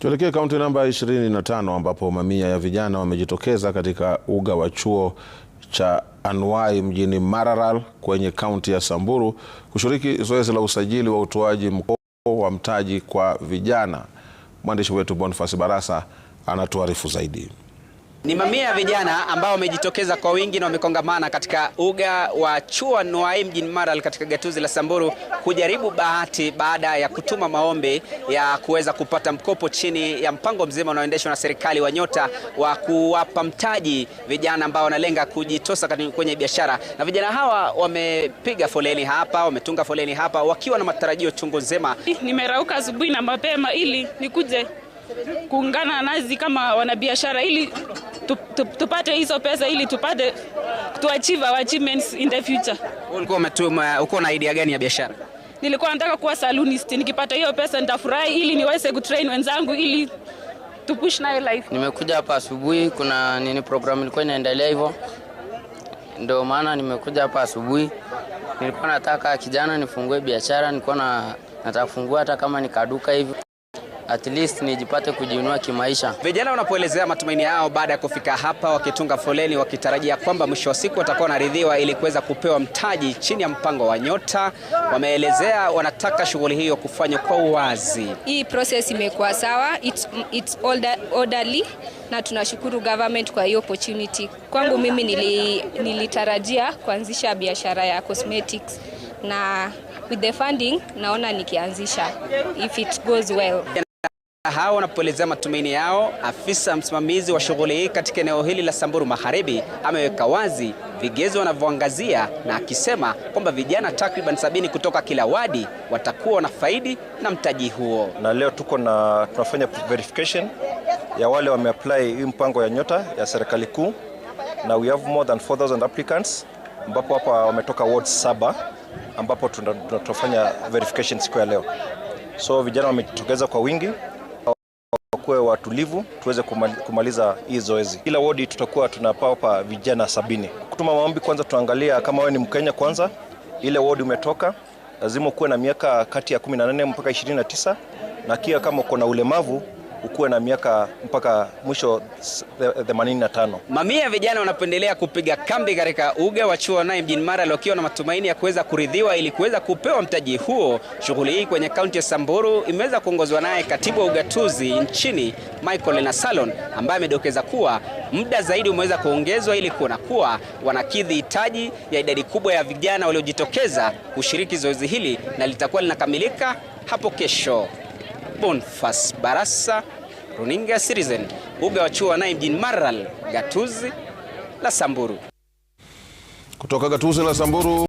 Tuelekee kaunti namba 25 ambapo mamia ya vijana wamejitokeza katika uga wa chuo cha Anwai mjini Maralal kwenye kaunti ya Samburu kushiriki zoezi la usajili wa utoaji mkopo wa mtaji kwa vijana. Mwandishi wetu Boniface Barasa anatuarifu zaidi. Ni mamia ya vijana ambao wamejitokeza kwa wingi na wamekongamana katika uga wa Chuo Nuai mjini Maralal katika gatuzi la Samburu kujaribu bahati baada ya kutuma maombi ya kuweza kupata mkopo chini ya mpango mzima unaoendeshwa na serikali wa Nyota wa kuwapa mtaji vijana ambao wanalenga kujitosa kwenye biashara. Na vijana hawa wamepiga foleni hapa, wametunga foleni hapa wakiwa na matarajio chungu nzima. Nimerauka asubuhi na mapema ili nikuje kuungana nazi kama wanabiashara ili tupate hizo pesa ili tupate to achieve our achievements in the future. uko na idea gani ya biashara? Nilikuwa nataka kuwa salonist, nikipata hiyo pesa nitafurahi ili niweze kutrain wenzangu ili tupush nayo life. Nimekuja hapa asubuhi, kuna nini program ilikuwa inaendelea hivyo, ndio maana nimekuja hapa asubuhi. Nilikuwa nataka kijana nifungue biashara, nilikuwa na nataka kufungua hata kama nikaduka hivi at least nijipate kujiinua kimaisha. Vijana wanapoelezea matumaini yao baada ya kufika hapa, wakitunga foleni wakitarajia kwamba mwisho wa siku watakuwa wanaridhiwa ili kuweza kupewa mtaji chini ya mpango wa Nyota, wameelezea wanataka shughuli hiyo kufanywa kwa uwazi. Hii process imekuwa sawa, it's, it's orderly na tunashukuru government kwa hii opportunity. Kwangu mimi nili, nilitarajia kuanzisha biashara ya cosmetics na with the funding naona nikianzisha if it goes well. Hao wanapoelezea matumaini yao, afisa msimamizi wa shughuli hii katika eneo hili la Samburu Magharibi ameweka wazi vigezo wanavyoangazia na akisema kwamba vijana takriban sabini kutoka kila wadi watakuwa wanafaidi na mtaji huo. Na leo tuko na tunafanya verification ya wale wameapply hii mpango ya nyota ya serikali kuu, na we have more than 4000 applicants, ambapo hapa wametoka ward saba, ambapo tunafanya verification siku ya leo. So vijana wametokeza kwa wingi wakuwe watulivu tuweze kumaliza hii zoezi. Kila wodi tutakuwa tunapapa vijana sabini. Kutuma maombi, kwanza tunaangalia kama wewe ni Mkenya kwanza, ile wodi umetoka, lazima kuwe na miaka kati ya 18 mpaka 29 na kia kama uko na ulemavu ukuwe na miaka mpaka mwisho 85. Mamia ya vijana wanapendelea kupiga kambi katika uga wa chuo naye mjini Maralal wakiwa na matumaini ya kuweza kuridhiwa ili kuweza kupewa mtaji huo. Shughuli hii kwenye kaunti ya Samburu imeweza kuongozwa naye katibu wa ugatuzi nchini Michael Nasalon ambaye amedokeza kuwa muda zaidi umeweza kuongezwa ili kuona kuwa wanakidhi hitaji ya idadi kubwa ya vijana waliojitokeza kushiriki zoezi hili na litakuwa linakamilika hapo kesho. Bonfas Barasa, runinga ya Citizen, uga wa chuo naye mjini Maralal, gatuzi la Samburu. Kutoka gatuzi la Samburu.